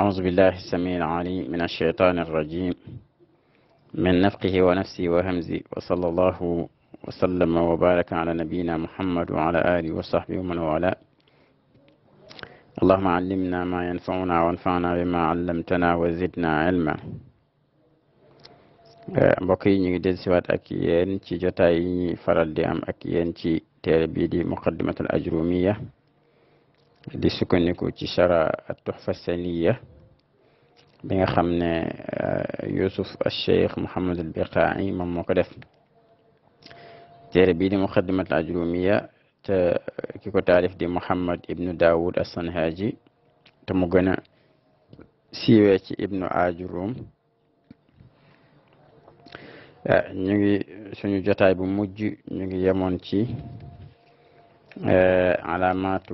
أعوذ بالله السميع العليم من الشيطان الرجيم من نفقه ونفسي وهمزي وصلى الله وسلم وبارك على نبينا محمد وعلى آله وصحبه ومن والاه اللهم علمنا ما ينفعنا وانفعنا بما علمتنا وزدنا علما بقي yi ñu ngi dellusiwaat ak yéen ci jotaay تي ñuy مقدمة الأجرومية di sukkandiku ci chara tuxfa saniya bi nga xamne Yusuf al sheikh Mouhamad al biqai mom moko def tere bi di muqaddimat al ajrumiyya te kiko talif di Mouhamad ibnu Daawud as sanhaji te mu gëna siwe ci ibnu Ajrum ñu ngi suñu jotaay bu mujj ñu ngi yemon ci علامات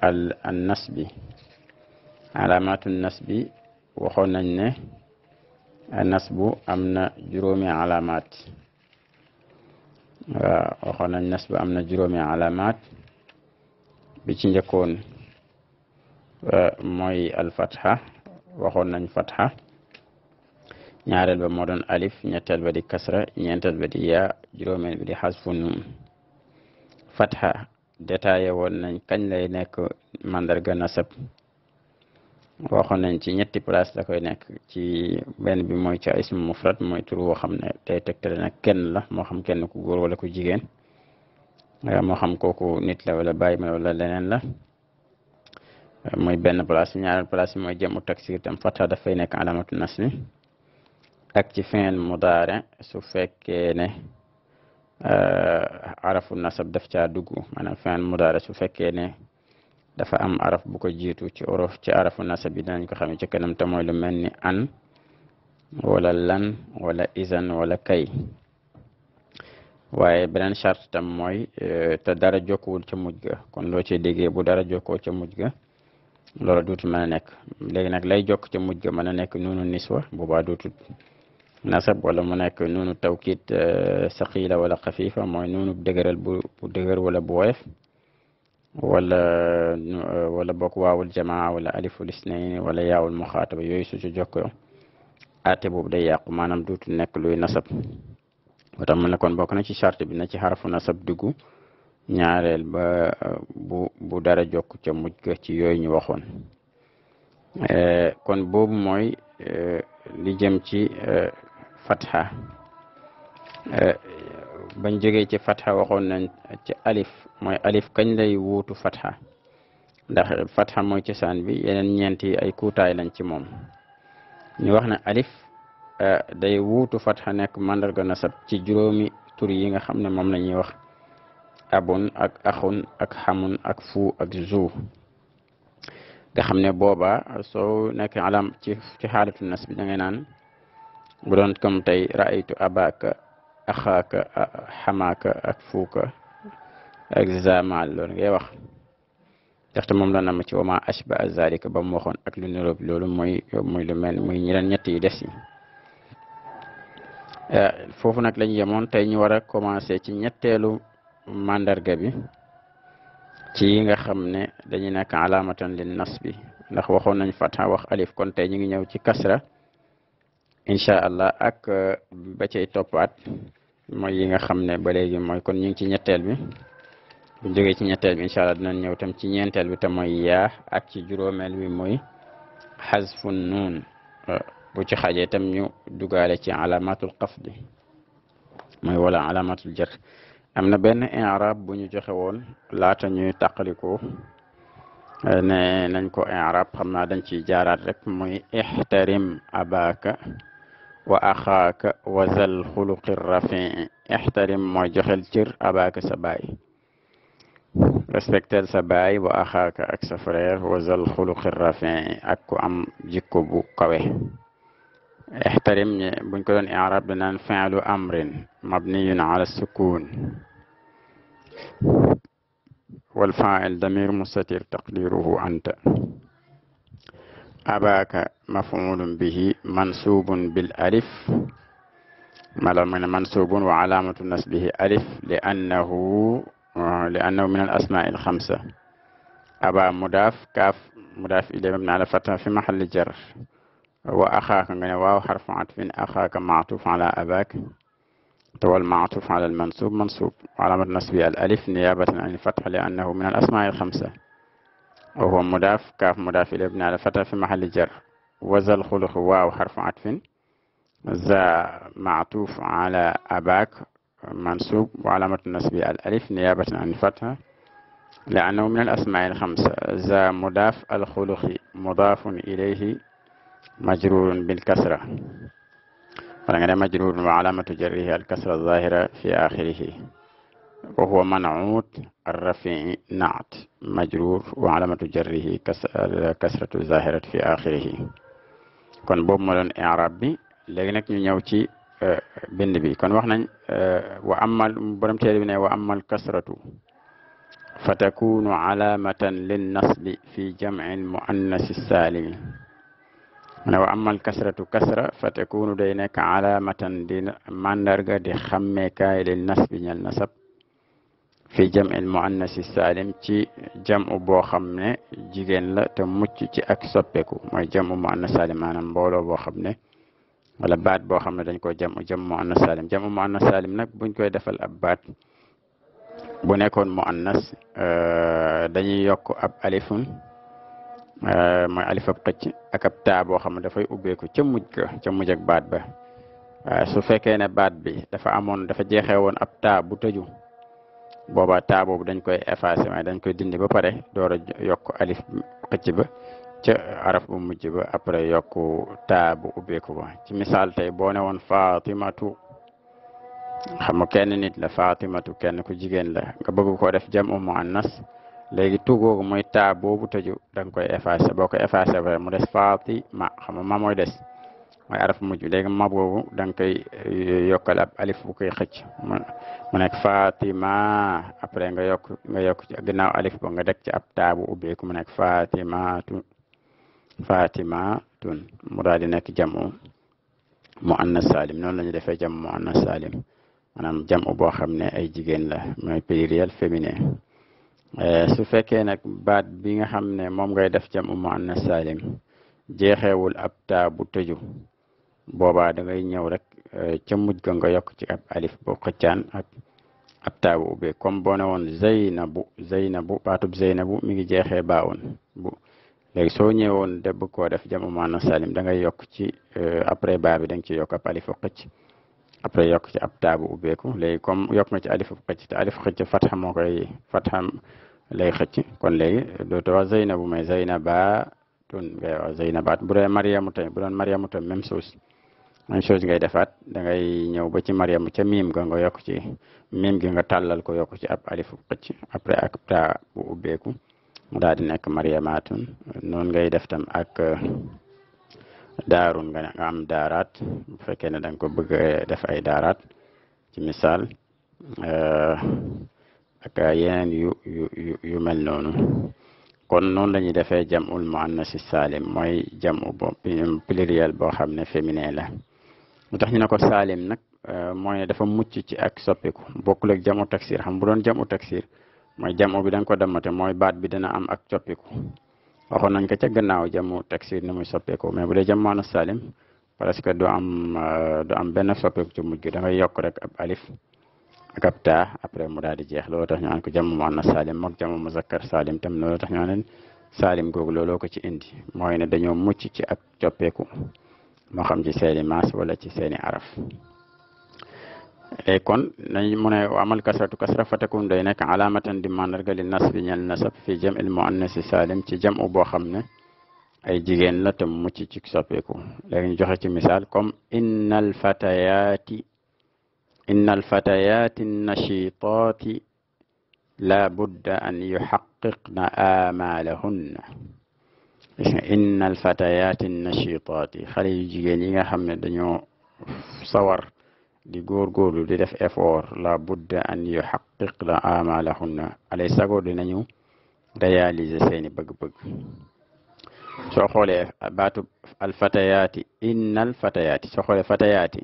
al nasbi alaamatu nasbi waxoon nañ ne nasbu am na juróomi alaamaat waaw waxoon nañ nasbu am na juróomi alaamaat bi ci njëkkoon euh, mooy al fatha waxoon nañ fatha ñaareel ba moo doon alif ñetteel ba di kasra ñeenteel ba di yaa juróomeel ba di xasfu fatha détaillé woon nañ kañ lay nekk màndarga nasab waxoon nañ ci ñetti place la koy nekk ci benn bi mooy ci ismu mufrad mooy tur woo xam ne tey tegtale nag kenn la moo xam kenn ku góor wala ku jigéen moo xam kooku nit la wala bàyyi ma leneen la mooy benn place ñaareel palace bi mooy jëmu taksir tam fata dafay nekk alamatu nasmi ak ci fin mudaare su fekkee Euh, arafu nasab def caa dugg maanaam fi'il mudaari su fekkee ne dafa am araf bu ko jiitu ci orof ci arafu nasab bi danañ ko xamee ci kenam te mooy lu mel ni an wala lan wala izan wala kay waaye beneen chart tam mooy euh, te dara jokk wul ca muj ga kon loo cee déggee bu dara jokkoo ca muj ga loola duutul mën a nekk léegi nag lay jokk ca muj ga mën a nekk noonu niswa boobaa duutul نسب ولا مناك نون التوكيد آه، ثقيلة ولا خفيفة مع نون بدغر بدغر ولا بوف ولا آه، ولا بقوا والجماعة ولا ألف الاثنين ولا ياء المخاطب يوسف جوكو أتي بدي مانام دوت نك نسب وتم نكون بوكنا شي شرط بنا شي حرف نسب دغو ñaarel ba bu bu dara jokk ca mujj ga ci yooyu ñu waxoon kon boobu mooy li jëm ci fatha euh, bañ jógee ci fatha waxoon nañ ci alif mooy alif kañ lay wuutu fatha ndax fatha mooy cosaan bi yeneen ñeenti ay kuutaay lañ ci moom ñu wax ne alif euh, day wuutu fatha nekk mandarga nasab ci juróomi tur yi nga xam ne moom la ñuy wax abun ak axun ak xamun ak fu ak zuu nga xam ne booba soo nekk alam ci ci xaalatu nas bi da naan bu doon comme tey raaytu abaka axaaka xamaaka ak fuuka ak zamal loolu ngay wax ndaxte moom la nama ci wama ashba zalika ba mu waxoon ak lu niroog loolu mooy muy lu mel muy ñeneen ñett yi des yi euh, foofu nag lañ yemoon tey ñu war a commencé ci ñetteelu mandarga bi ci yi nga xam ne dañu nekk alaamatan lin nas bi ndax waxoon nañ fatha wax alif kon tey ñu ngi ñëw ci kasra incha allah ak euh, ba cay toppaat mooy yi nga xam ne ba léegi kon ñu ngi ci ñetteel bi bu jógee ci ñetteel bi incha allah dinañ ñëw tam ci ñeenteel bi te mooy yaa ak ci juróomeel bi mooy xasfun nuun euh, bu ci xaajee tam ñu dugaale ci alamatul xafdi mooy wala alamatul jar am na benn i'rab bu ñu joxe woon laata ñuy tàqalikoo euh, ne nañ ko i'rab xam naa dañ ciy jaaraat rek muy ixtarim abaka واخاك وزل خلق الرفيع احترم موجخل تر اباك سباي respect سباي واخاك اكسفرير وزل خلق الرفيع اكو ام جيكوبو كوي احترم بنكون اعراب بنان فعل امر مبني على السكون والفاعل ضمير مستتر تقديره انت اباك مفعول به منصوب بالألف من منصوب وعلامة نسبه ألف لأنه لأنه من الأسماء الخمسة أبا مضاف كاف مضاف إلى مبني على فتح في محل جر وأخاك واو حرف عطف أخاك معطوف على أباك طول معطوف على المنصوب منصوب وعلامة نسبه الألف نيابة عن الفتح لأنه من الأسماء الخمسة وهو مضاف كاف مضاف إلى مبني على فتح في محل جر وذا الخلق واو حرف عطف ذا معطوف على أباك منصوب وعلامة النصب الألف نيابة عن الفتحة لأنه من الأسماء الخمسة ذا مضاف الخلق مضاف إليه مجرور بالكسرة فلنجد مجرور وعلامة جره الكسرة الظاهرة في آخره وهو منعوت الرفيع نعت مجرور وعلامة جره كسرة الظاهرة في آخره kon boobu mo doon i'rab bi legi nak ñu ñëw ci bind bi kon wax nañ wa amal borom téere bi ne wa amal kasratu fatakunu alamatan lin nasbi fi jam'il muannasi salim ne wa amal kasratu kasra fatakunu takunu day nekk alamatan din mandarga di xàmmeekaay lin nasbi ñal nasab في جمع المؤنث السالم تي جمع بو خامني جيجن لا تا موتي تي اك سوبيكو موي جمع مؤنث سالم مانام بولو بو خامني ولا بات بو خامني دنجكو جمع جمع مؤنث سالم جمع مؤنث سالم نك بو نكوي دافال اب بات بو نيكون مؤنث ا آه، دانيي يوكو اب الف ا آه، موي الف اب قتي اك اب تا بو خامني دا فاي با su fekkee ne baat bi dafa amoon dafa jeexeewoon ab booba ta boobu dañ koy effacé may dañ koy dindi ba pare door a yokk alif xëcc ba ca araf bu mujj ba après yokk taa bu ubbeeku ba ci misaal tey boo ne woon fatimatu xam kenn nit la fatimatu kenn ku jigéen la nga bëgg koo def jam u muannas léegi tuugoogu mooy taa boobu tëju da nga koy effacé boo ko effacé ba mu des fatima xam ma mooy des mooy araf mujj léegi ma boobu da nga koy eh, yokkal ab alif bu koy xëcc mu nekk Fatima après nga yokk nga yokk ci ginnaaw alif nga deg ci ab taabu ubbeeku mu nekk Fatima tun Fatima tun mu daal di nekk jamu mu annas salim noonu la defee jam mu annas jamu boo xam ne ay jigéen la mooy pluriel féminin eh, su fekkee nag baat bi nga xam ne moom ngay def jamu mu annas salim jeexewul ab taabu tëju boobaa da ngay ñëw rek eh, ca muj ga nga yokk ci ab alif bu xëccaan ak ab taabu ubbe comme boo ne bu zaynabu zaynabu baatub zaynabu mi ngi jeexee baawoon bu léegi soo ñëwoon de bëgg koo def jamu na salim da ngay yokk ci eh, après baa bi da nga ci yokk ab alif xëcc après yokk ci ab taabu ubbeeku léegi comme yokk nga ci alif xëcc te alif xëcc fatxa moo koy fatxa lay xëcc kon léegi dootoo wax zaynabu mais zaynaba tun ngay wax zaynabaat bu dee mariamu tamit bu doon mariamu tamit même chose même chose ngay defaat da ngay ñëw ba ci mariam ca miim ga nga yokku ci miim gi nga tàllal ko yokku ci ab alif xëcc après ak ta bu ubbeeku mu daal di nekk mariamaatun noonu ngay def tam ak euh, daarun nga am daaraat bu fekkee ne danga ko bëgg def ay daaraat ci misaal euh, ak yeneen yu yu yu mel noonu kon noonu la ñuy defee jamul muannas salim mooy jamu pluriel boo xam ne féminin la mu tax ñu ne ko saalim nag euh, mooy ne dafa mucc ci ak soppiku bokkul ak jamu taksir xam bu doon jamu taksir mooy jamu bi da nga ko damate mooy baat bi dana am ak coppiku waxoon nañ ko ca gannaaw jamu taksir ni muy soppeeku mais bu de jamaanu saalim parce que du am euh, du am benn soppeeku ci mujj da ngay yokk rek ab alif ak après mu daal di jeex loolu tax ñu naan ko jamu muannas saalim mook jamu muzakkar saalim tam no tax ñu naan saalim googu looloo ko ci indi mooy ne dañoo mucc ci ak coppeeku moo xam ci seeni maas wala ci seeni araf léegi kon nañ mu ne amal kasratu kasra fatakun day nekk alamatan di mandarga li nas bi ñel nasab fi jam il muannasi salim ci jam u boo xam ne ay jigéen la te mucc ci soppeeku léegi ñu joxe ci misaal comme innal fatayaati innal fatayaati nashitaati la budda an yuxaqiqna amalahunna innal fatayaati nachiitaati xale yu jigéen yi nga xam ne dañoo sawar di góorgóorlu di def effort la budda an yuxaqiq la amalahunna alay sago dinañu réaliser seeni bëgg-bëgg soo xoolee baatu alfatayaati innal fatayaati soo xoolee fatayaati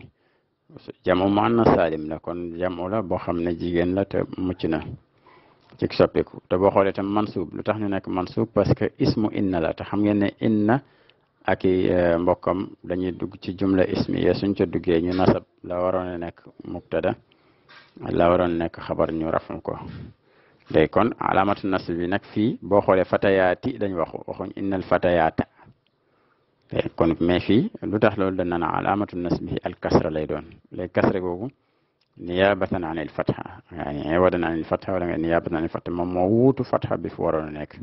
jamu muannas saalim la kon jamu la boo xam ne jigéen la te mucc na ci soppeeku te boo xoolee tam mansuub lu tax ñu nekk mansuub parce que ismu inna la te xam ngeen ne inna ak i e, mbokkam dañuy dugg ci jumla ismiya suñ ca duggee ñu nasab la waroon a nekk mubtada la waroon nekk xabar ñu raful ko day kon alamatu nasb bi nag fii boo xoolee fatayaati dañu wax waxuñ innal fatayaata kon mais fii lu tax loolu danaan alamatu nasb bi al kasra lay doon léegi kasra googu نيابة عن الفتحة يعني عوضا عن الفتحة ولا نيابة عن الفتحة مموت فتحة بفور هناك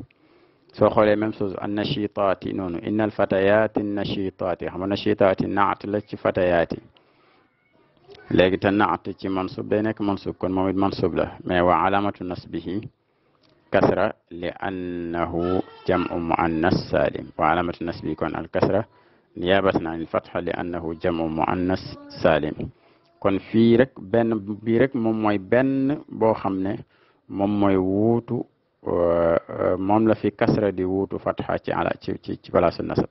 سو خولي سوز النشيطات نون إن الفتيات النشيطات هم النشيطات نعت لتي فتيات لكن تنعت تي منصوب بينك منصوب كون مومد منصوب له ما هو علامة نصبه كسرة لأنه جمع مؤنث سالم وعلامة نصبه كون الكسرة نيابة عن الفتحة لأنه جمع مؤنث سالم kon fii rek benn bii rek moom mooy benn boo xam ne moom mooy wuutu euh, euh, moom la fi kasra di wuutu fatha ci ala ci ci ci palaasu nasab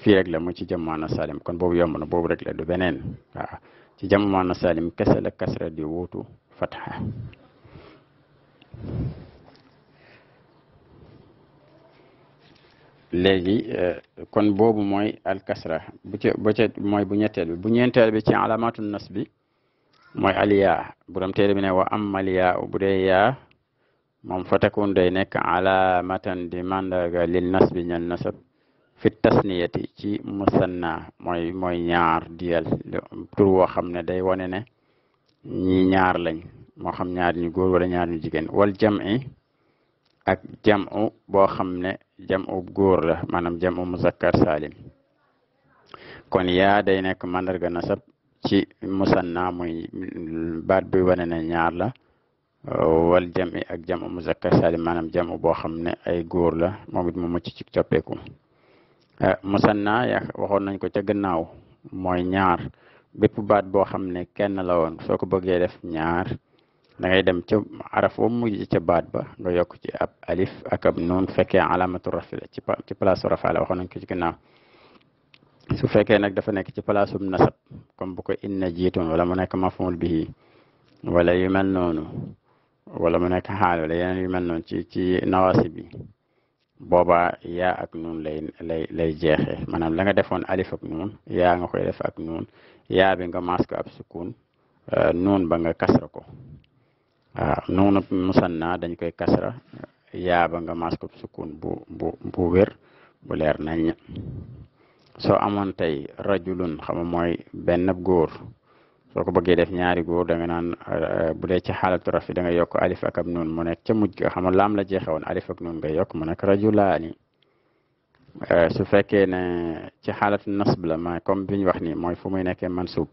fii rek la mu ci jamono salim kon boobu yomb na boobu rek la du beneen waaw ci jamono salim kese la kasra di wuutu fatha léegi eh, kon boobu mooy alkasra bu ce bu ce mooy bu ñetteel bi bu ñeenteel bi ci alamatu nas bi mooy aliya borom téere bi ne wa am aliya bu dee yaa moom fa tekkun day nekk alamatan di mandarga lil nas bi ñal nasab fi tasniyati ci musanna mooy mooy ñaar diyal tur woo xam ne day wane ne ñii ñaar lañ moo xam ñaar ñu góor wala ñaar ñu jigéen wal jam'i ak jamu boo xam ne jamu góor la maanaam jamu muzakkar salim kon yaa day nekk mandarga nasab ci musanna muy baat bi wane ne ñaar la wal jami ak jamu muzakkar salim maanaam jamu boo xam ne ay góor la moom it mu ci coppeeku eh, musanna ya waxoon nañ ko ca gannaaw mooy ñaar bépp baat boo xam ne kenn la woon soo ko bëggee def ñaar da ngay dem ca araf ba mujj ca baat ba nga yokk ci ab alif ak ab noon fekkee alamatu rafi la ci place rafa la waxoon nañ ko ci ginnaaw su fekkee nag dafa nekk ci place um nasab comme bu ko inna jiitoon wala mu nekk maful bihi wala yu mel noonu wala mu nekk xaal wala yeneen yu mel noonu ci ci nawaasi bi boobaa yaa ak nuun lay jeexe lay jeexee maanaam la nga defoon alif ak nuun yaa nga koy def ak nuun yaa bi nga mask ab sukun euh, nuun ba nga kasra ko waaw ah, nuunu musanna dañ koy kasra yaaba nga mas ko sukun bu bu bu wér bu leer nañ soo amoon tey rajulun xam mooy benn góor soo ko bëggee def ñaari góor da nga naan eh, bu dee ci xaalatu rafi da nga yokk alif ak ab nuun ca mujj ga xam laam la jeexewoon alif ak nuun nga yokk mu nekk rajulaani eh, su fekkee ne ci xaalatu nasb la ma comme wax ni mooy fu muy nekkee mansub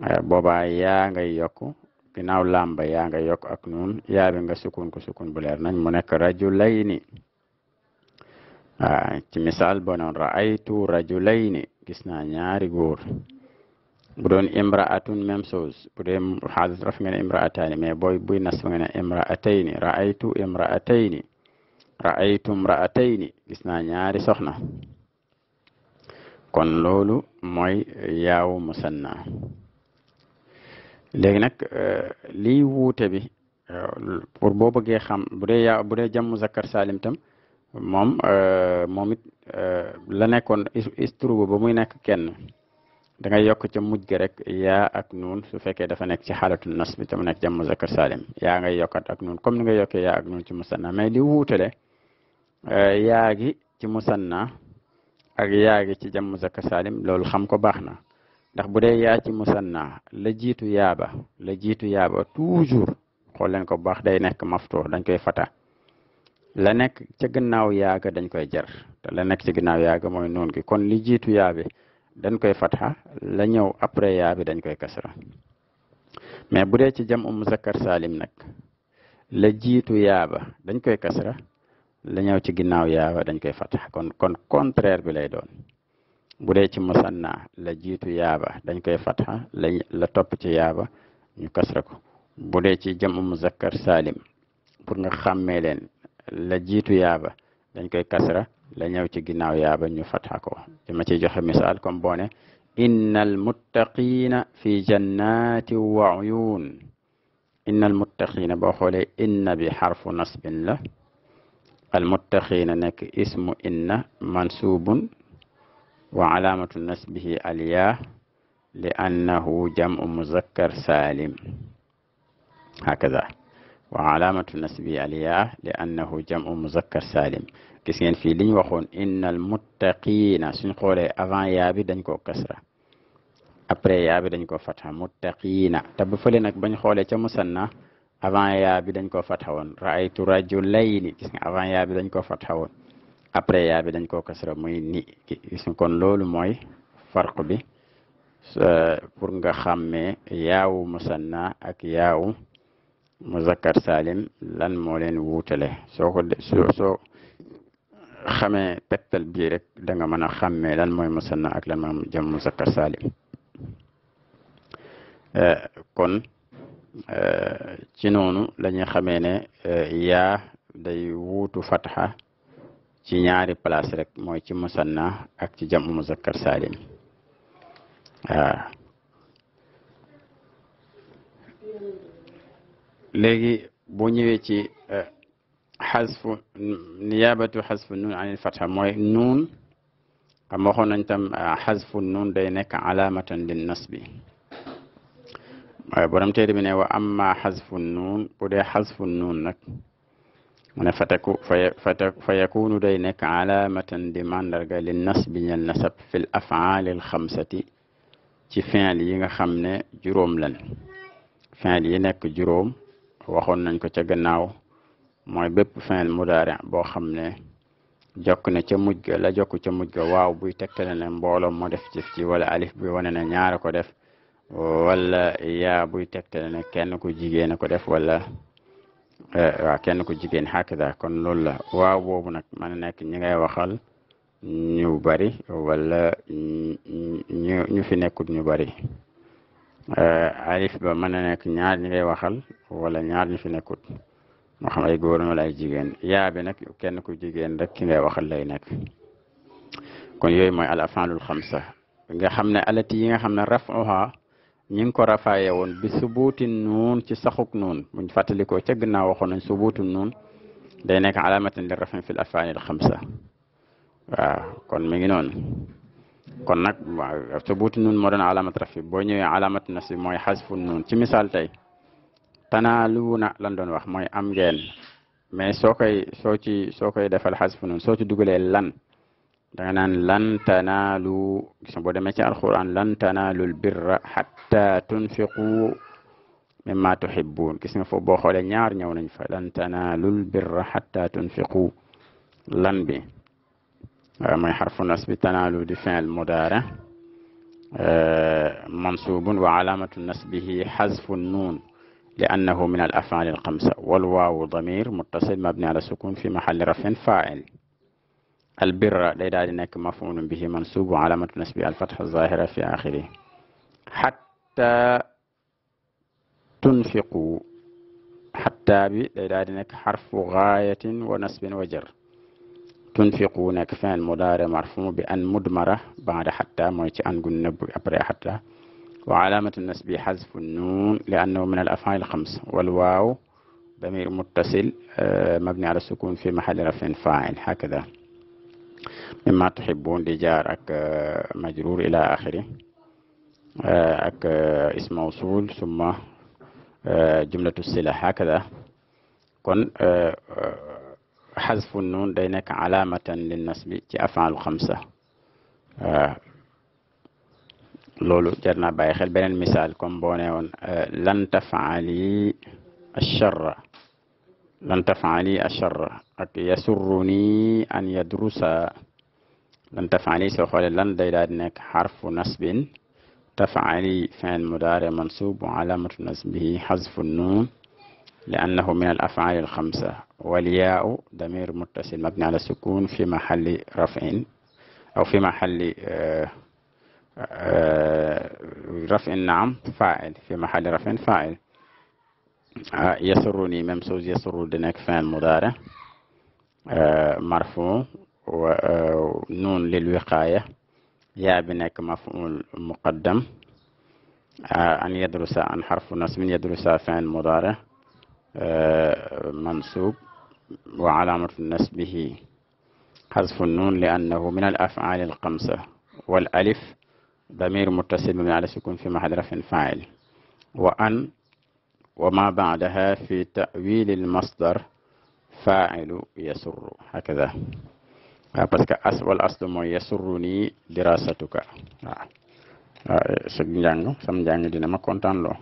eh, boobaa yaa ngay yokk ginnaaw laam yaa nga yokk ak nun yaa bi sukun ko sukun bu leer nañ mu nekk rajulayni waaw ci misaal boo noon raaytu rajulayni gis naa ñaari góor bu doon imraatun même chose bu dee xaalis raf nga ne imraatayni mais booy buy nas nga ne imraatayni raaytu imraatayni raaytu imraatayni gis naa ñaari soxna kon loolu mooy yaawu musanna léegi nag euh, liy wuute bi euh, pour boo bëggee xam bu dee yaa bu dee jàmm zakkar saalim tam moom euh, moom it la nekkoon isturubu ba muy nekk kenn da ngay yokk ca muj ga rek yaa ak nuun su fekkee dafa nekk ci xaalatul nas bi tam nekk jàmm zakkar saalim yaa nga yokkat ak nuun comme ni nga yokkee ak nuun ci musanna mais li wuutale yaa gi ci musanna ak yaa gi ci jàmm zakkar saalim loolu xam ko baax na ndax bu dee yaa ci musanna la jiitu yaaba la jiitu yaaba toujours xool ko bu baax day nekk mafto dañ koy fata la nekk ca gannaaw yaaga dañ koy jar te la nekk ca gannaaw yaaga mooy noon gi kon li jiitu yaabi dañ koy fatxa la ñëw après yaabi dañ koy kasra mais bu dee ci jam um muzakkar salim nag la jiitu yaaba dañ koy kasra la ñëw ci ginnaaw yaaba dañ koy fatxa kon kon contraire bi lay doon bu dee ci musanna la jiitu yaaba dañ koy fatha la topp ci yaaba ñu kasra ko bu dee ci jamu muzakkar salim pour nga xàmmee leen la jiitu yaaba dañ koy kasra la ñëw ci ginnaaw yaaba ñu fatha ko dama ciy joxe misaal comme boo ne innal muttaqina fi jannati wa uyun innal muttaqina boo xoolee inna bi xarfu nasbin la al muttaqina nekk ismu inna mansubun wa calaamatu nasbihi alyaa li annahu jam'u muzakkar saalim hakaza wa calaamatu nasbihi alyaa li annahu jam'u muzakkar saalim gis ngeen fii liñ waxoon innal muttaqiina suñ xoolee avant yaa bi dañ koo kasra après yaa bi dañ koo fatxa muttaqiina te bu fële nag bañ xoolee ca musanna avant yaa bi dañ koo fatxa woon raaytu rajulayni gis nga avant bi dañ koo fatxa woon après yaa bi dañ koo kasra muy ni kon loolu mooy farq bi pour nga xàmmee yaawu musanna ak yaawu muzakkar salim lan moo leen wuutale soo ko soo soo bii rek da mën a xàmmee lan mooy musanna ak lan mooy jam muzakkar euh, kon euh, ci noonu la ñuy xamee ne euh, yaa day wuutu fatxa ci ñaari place rek mooy ci musanna ak ci jam muzakkar salim léegi bu ñëwee ci eh, xasfu niyabatu xasfu nun ani fatha mooy nun xam waxoon nañ tam eh, xasfu nun day nekk alamatan lil nas bi borom téere bi ne wa amma xasfu nun bu dee xasfu nun nag mu ne fateku fa yakunu day nekk alaamatan di mandarga li nasbi ñel nasab fil afaalil xamsati ci fiil yi nga xam ne juróom lan fiil yi nekk juróom waxoon nañ ko ca gannaaw mooy bépp fiil mudaari boo xam ne jokk na ca mujj ga la jokk ca mujj ga waaw buy tegtale ne mbooloo moo def ci ci wala alif buy wane ne ñaar ko def wala yaa buy tegtale ne kenn ku jigéen a ko def wala Eh, kenn ku jigéen hakada kon loolu la waaw boobu nag mën na nekk ñi ngay waxal ñu bari wala ñu ñu fi nekkut ñu bari eh, alif ba mën na nekk ñaar ñu ngay waxal wala ñaar ñu fi nekkut moo xam ay góor wala ay jigéen yaa bi nag kenn ku jigéen rek ki ngay waxal lay nekk kon yooyu mooy al afalul xamsa nga xam ne alati yi nga xam ne rafuha ñing ko rafaaye woon bi subuuti nuun ci saxuk nuun buñ fàttalikoo ca gannaaw waxoon nañ subuutu nuun day nekk alamatan li rafin fil afaani al xamsa waaw kon mi ngi noonu kon nag subuutu nuun moo doon alamat rafi boo ñëwee alamat nasi mooy xasfu nuun ci misaal tey tanaaluuna lan doon wax mooy am ngeen mais soo koy soo ci soo koy defal xasfu nuun soo ci dugalee lan دعنا لن تنالوا بسم الله ماشي القرآن لن تنالوا البر حتى تنفقوا مما تحبون كسم فبوخ ولا نيار نيون نفا لن تنالوا البر حتى تنفقوا لن بي ما يحرف الناس بتنالوا دفع المدارة منصوب وعلامة نسبه حذف النون لأنه من الأفعال الخمسة والواو ضمير متصل مبني على السكون في محل رفع فاعل البر لإداد إنك مفعول به منصوب وعلامة نسبه الفتح الظاهرة في آخره حتى تنفق حتى لإداد إنك حرف غاية ونسب وجر تنفقونك فان مدار مرفوع بأن مدمرة بعد حتى موت أن قنب أبري حتى وعلامة النسب حذف النون لأنه من الأفعال الخمس والواو ضمير متصل آه، مبني على السكون في محل رفع فاعل هكذا مما تحبون دجار اك آه، مجرور الى اخره آه، اك آه، اسم موصول ثم جملة السلة هكذا كن حذف النون دينك علامة للنسب أفعال الخمسة لولو جرنا بايخل بين المثال كن بونيون لن تفعلي الشر لن تفعلي الشر يسرني أن يدرس لن تفعلي سوف xoolee لن day daal حرف نصب تفعلي فعل مضارع منصوب وعلامة نصبه حذف النون لأنه من الأفعال الخمسة والياء ضمير متصل مبني على السكون في محل رفع أو في محل آه، آه، رفع نعم فاعل في محل رفع فاعل آه، يسرني ممسوز يسر دنك فان مضارع مرفوع ونون للوقاية يا بنك مفعول مقدم أن يدرس عن حرف نصب يدرس فعل مضارع منصوب وعلامة نسبه حذف النون لأنه من الأفعال القمصة والألف ضمير متصل من على سكون في محل رفع فاعل وأن وما بعدها في تأويل المصدر فاعل يسر هكذا ah, par ce que as wal aslu mooy yasuruni dirasatuka ah. ah, eh, sa njàng sam njàng dina ma content loo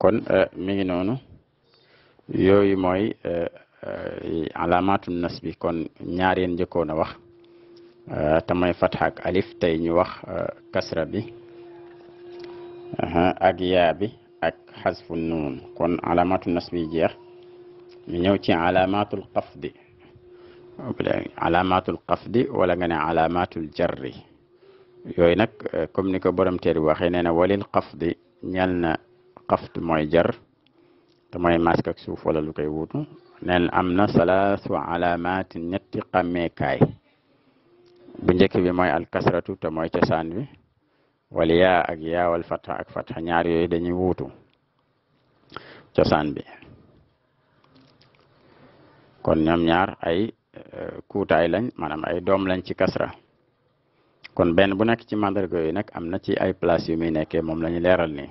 kon eh, mi ngi noonu yooyu mooy eh, eh, alamatu nas bi kon ñaar yeen njëkkoon a wax eh, te mooy fathaak alif tey ñu wax eh, kasra bi uh -huh, ak yaa bi ak xasfu nuun kon alamatu nas bi jeex ñu ñëw ci alamatul qafdi alaamaatul qasdi wala nga ne alaamaatul jarri yooyu nag eh, comme ni ko borom teer bi waxee nee na walil qasdi ñal na qasd mooy jar te mooy mask suuf wala lu koy wuutu neen am na salaasu alaamaati ñetti xàmmeekaay bu njëkk bi mooy alkasratu te mooy cosaan bi wal yaa ak yaa wal fatxa ñaar yooyu dañuy wuutu cosaan bi kon ñoom ñaar ay Euh, kuutaay lañ maanaam ay doom lañ ci kasra kon benn bu nekk ci mandarga yooyu nag am na ci ay place yu muy nekkee moom la ñu leeral nii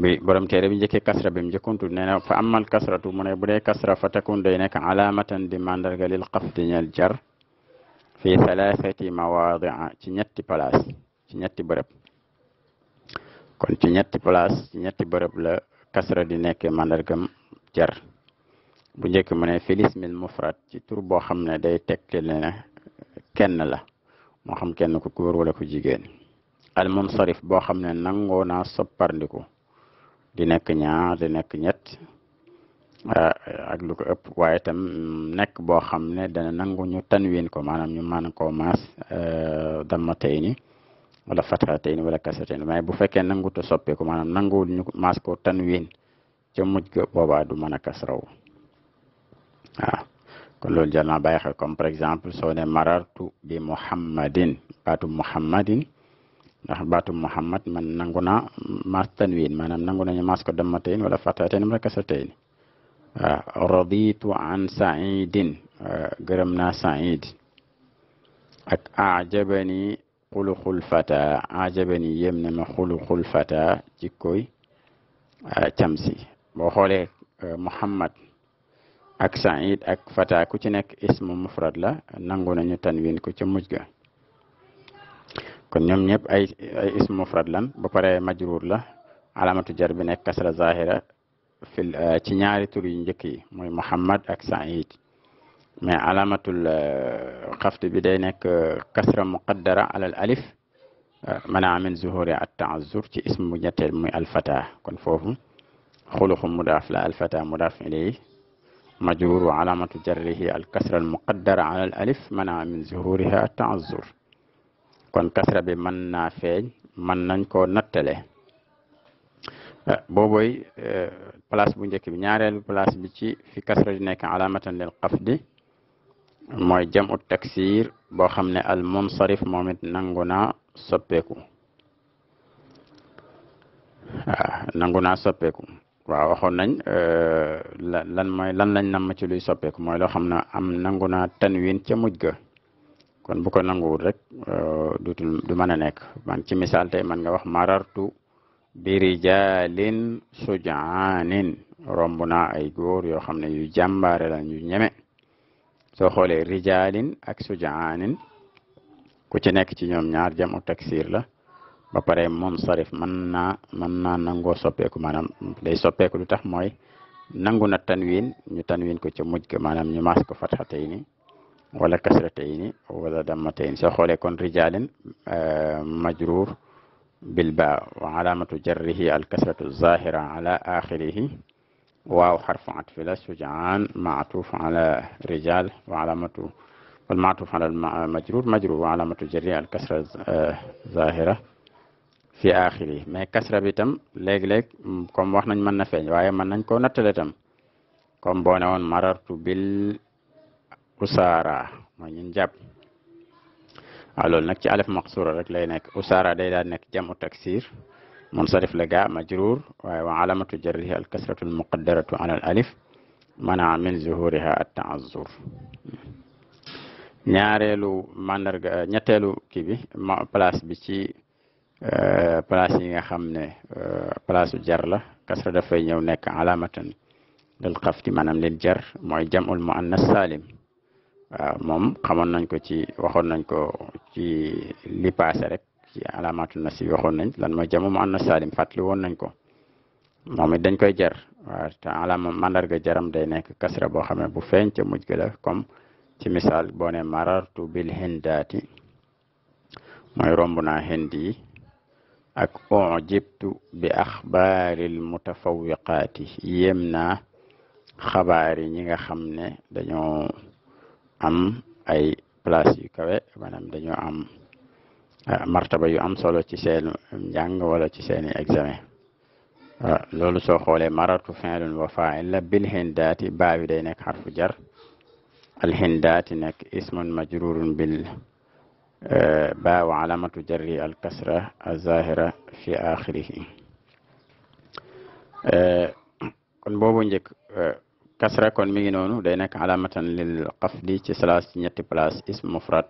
bi borom téere bi njëkkee kasra bi mu njëkkontu nee na fa amal kasratu mu ne bu dee kasra fa takun day nekk alaamatan di mandarga lil xafdi ñel jar fi thalathati mawadia ci ñetti place ci ñetti bërëb kon ci ñetti place ci ñetti bërëb la kasra di nekke mandargam jar bu njëkk mu ne fil ismil mufrad ci tur boo xam ne day tekki ne kenn la moo xam kenn ku góor wala ku jigéen al munsarif boo xam ne nangoo naa sopparndiku di nekk ñaar di nekk ñett ah, ak lu ko ëpp waaye itam nekk boo xam ne dana nangu ñu tanwin ko maanaam ñu man koo maas eh, dammatay ni wala fatxatay ni wala kasatay ni waaye bu fekkee nanguta soppeeku maanaam nanguwul ñu maas ko tanwin ca mujj ga boobaa du mën a kasraw waaw kon loolu jar bàyyi xel par exemple soo ne marartu bi muhammadin baatu muhammadin ndax baatu muhammad man nangu naa mas tanwin maanaam nangu nañu mas ko dammateen wala fatateen wala kasateen waaw raditu an saidin gërëm naa said ak ajabani xuluxul fata ajabani yem ma xuluxul fata ci koy ah, camsi boo xoolee eh, muhammad ak said ak fata ku ci nek ismu mufrad la nangu nañu tanwin ko ci mujga kon ñom ñep ay ay ismu mufrad lan ba pare majrur la alamatu jar bi nek kasra zahira fil ci ñaari tur yu njëkk yi muhammad ak said mais alamatul xaft bi day nek kasra muqaddara alal alif mana min zuhuri at ta'azzur ci ismu moy al fata kon fofu xuluxu mudaaf la alfata mudaaf ilayhi مجور وعلامة جره الكسر المقدر على الألف منع من ظهورها التعذر كون كسر بمنا فيه من ننكو نتله أه، بوبوي أه، بلاس بنجك بنيارل بلاس بيتي في كسر جنك علامة للقفد موي جمع التكسير بوخمنا المنصرف مومت ننغونا سبكو أه، ننغونا سبكو waaw waxoon nañ euh, lan mooy lan lañ namm ci luy soppeeku mooy loo xam na am nangu tan tanwin ca mujj ga kon bu ko nanguwul rek euh, dutul du mën a nekk man ci misaal tey man nga wax marartu birijaalin sujaanin romb naa ay góor yoo xam ne yu jàmbaare la ñu ñeme soo xoolee rijaalin ak sujaanin ku ci nekk ci ñoom ñaar jamu taksir la ba pare munsarif mën naa mën naa nangoo soppeeku maanaam day soppeeku lu tax mooy nangu na tanwin ñu tanwin ko ci mujj ke manam ñu maas ko fatxatayni wala kasratayni wala dammatayni so xole kon rijalin majrur bil ba wa alamatu jarrihi al kasratu zahira ala akhirih waaw xarfu atfi la sujaan maatuf ala rijal wa alamatu والمعطوف على المجرور مجرور وعلامة جريء الكسرة الظاهرة في آخره ما كسر بيتم لق لق كم واحد من نفعي وياه من نكون نتلتم كم بناون مررت بال أسارة ما ينجب علول نكتي ألف مقصورة لك لينك أسارة ديدا نك جمع تكسير منصرف لقاء مجرور وعلامة جره الكسرة المقدرة على الألف منع من ظهورها التعذر نيارلو مانرغ نيتلو كيبي بلاص بيتي Euh, place yi nga xam ne euh, place jar la kasra dafay ñëw nekk alamatan lil xafti maanaam lil jar mooy jamul muannas salim moom xamoon nañ ko ci waxoon nañ ko ci li rek ci alamatu nas yi waxoon nañ lan mooy jamu muannas salim fàttali woon nañ ko moom i dañ koy jar waaw te alama mandarga jaram day nekk kasra boo xam ne bu feeñ ca mujj ga la ci misaal boo ne marartu bil hindaati mooy romb naa hind ak ujibtu bi axbaari almutafawiqaati yem naa xabaar yi ñi nga xam ne dañoo am ay place yu kawe maanaam dañoo am ah, martaba yu am solo ci seen njàng wala ci seen examen ah, loolu soo xoolee maratu finlun wafaain la bilhindaati baa bi day nekk xarfu jar alhindaati nekk ismun majruurun bil baa wa alamatu jarri al kasra fi axirihi kon boobu njëkk kasra kon mi ngi noonu day nekk alamatan lil qafdi ci salaas ci ñetti place ism mufrad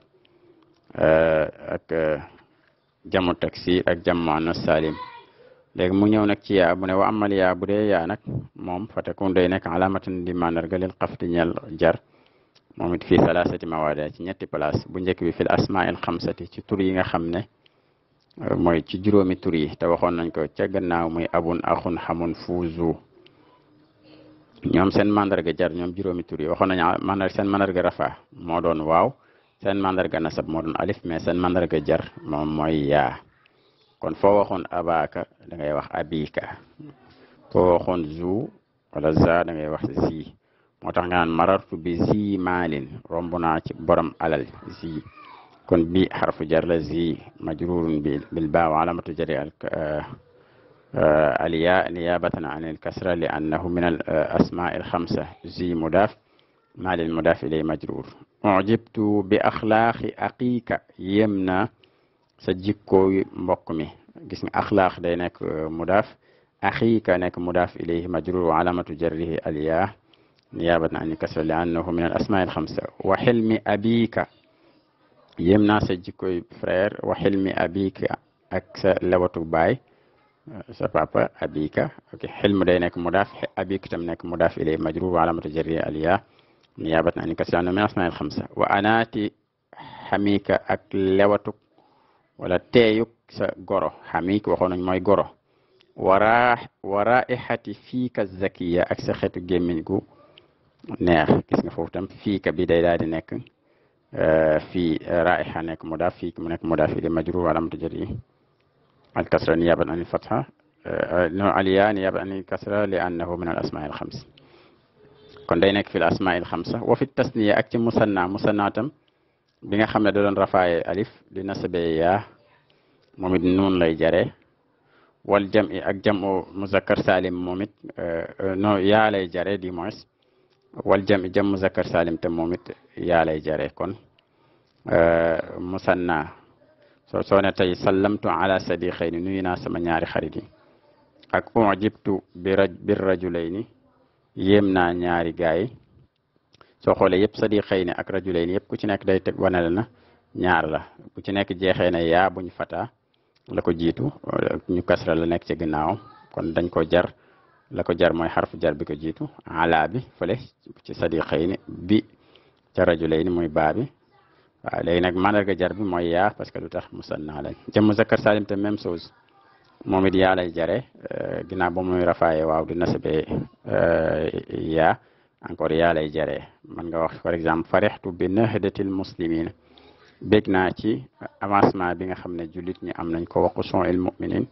ak jamu taksi ak jamu anas salim léegi mu ñëw nag ci yaa bu ne wa amal yaa bu dee yaa nag moom fatakun day nekk alamatan di mandarga lil qafdi ñel jar moom it fii salaasati mawaada ci ñetti place bu njëkk bi fil asmail xamsati ci tur yi nga xam ne euh, mooy ci juróomi turi yi te waxoon nañ ko ca gannaaw muy abun axun xamun fuuzu ñom seen mandarga jar ñoom juróomi tur yi waxoon nañ mandar seen mandarga rafa moo doon waaw seen mandarga nasab moo doon alif mais seen mandarga jar moom mooy yaa kon foo waxoon abaka da wax abika foo waxoon zu wala za da wax zi motax nga marartu bi zi malin romb ci borom alal zi kon bi xarfu jar la zi majrurun bi bil ba wa alamatu jari al aliya niyabatan an al kasra li annahu min al asma al khamsa zi mudaf mal al mudaf ilay majrur ujibtu bi axlaaqi aqiika yem na sa jikkoo mbokk mi gis nga axlaaq day nekk mudaaf aqiika nekk mudaaf ilayhi majrur wa alamatu jarrihi نيابة عن كسر لأنه من الأسماء الخمسة وحلم أبيك يمنا سجكوي فرير وحلم أبيك أكثر لبطو باي سبابا أبيك أوكي. حلم دينك مضاف أبيك تمنك مضاف إليه مجروب على متجرية عليا نيابة عن كسر لأنه من الأسماء الخمسة وأناتي حميك أكلوتك ولا تيوك سغورو حميك وخون موي غورو وراح ورائحتي فيك الزكية أكثر خيتو جيمينغو neex gis nga fofu tam fii ka bi day daal di nekk fii raiha nekk mudaaf fii mu nekk mudaaf fii di majruur al kasra ni yaban an fatha no aliya yaban an kasra li annahu min al asmaa al xams kon day nekk fi al asmaa al xamsa wa fi tasniya ak ci musanna musanna tam bi nga xam ne da doon rafaaye alif di nasabe yaa momit nun lay jare wal jam'i ak jam'u muzakkar salim momit it no yaa lay jare di moins wal jami jam muzakkar salim te moom it yaa lay jare kon euh, musanna soo soo ne tey sallamtu ala sadiqayni nuyu naa sama ñaari xarit yi ak ujibtu bi raj bir rajulayni yéem naa ñaari gaay yi soo xoolee yëpp sadiqayni ak rajulayni yëpp ku ci nekk day teg wane na ñaar la ku ci nekk jeexee na yaa buñ fata la ko jiitu ñu kasra nekk ci ginnaaw kon dañ ko jar lako jar mooy xarfu jar bi ko jiitu ala bi fële ci sadiqayni bi ca rajulayni muy baa bi waaw léegi nag mandarga jar bi mooy yaa parce que lu tax musanna lañ jëm muzakkar salim te même soos moom it yaa lay jare euh, ginnaaw ba mooy rafaaye waaw di nasabe euh, yaa encore yaa lay jare man nga wax par exemple farihtu bi nahdatil muslimin bég naa ci avancement bi nga xam ne jullit ñi am nañ ko wa qushuu il muminin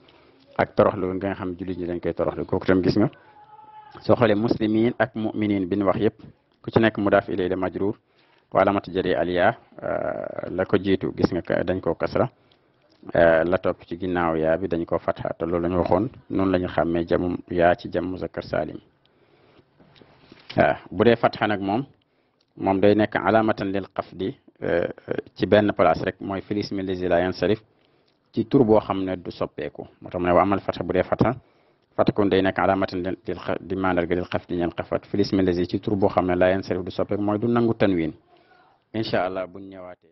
ak toroxlu nga xam jullit ñi dañ koy toroxlu koku tam gis nga so xoolee muslimin ak muminin bin wax yëpp ku ci nek mudaf ilay la majrur wa mat jari aliya la ko jitu gis nga dañ ko kasra la top ci ginaaw ya bi dañ ko fatha to lolu la ñu non lañu xamé jamu ya ci jam muzakkar salim bu dee fatxa nag mom day nek alamatan lil xafdi ci ben place rek moy filismi lizi la yansarif ci tour bo xamne du soppeku motam ne wa amal fatah bu dee fatah fata kon day nek alaamatan dil di mandal dil khaf di ñeen xafat filis melesi ci tour bo xamne la laa yeen du soppeku moy du nangu tanwin inshallah allah buñ ñëwaatee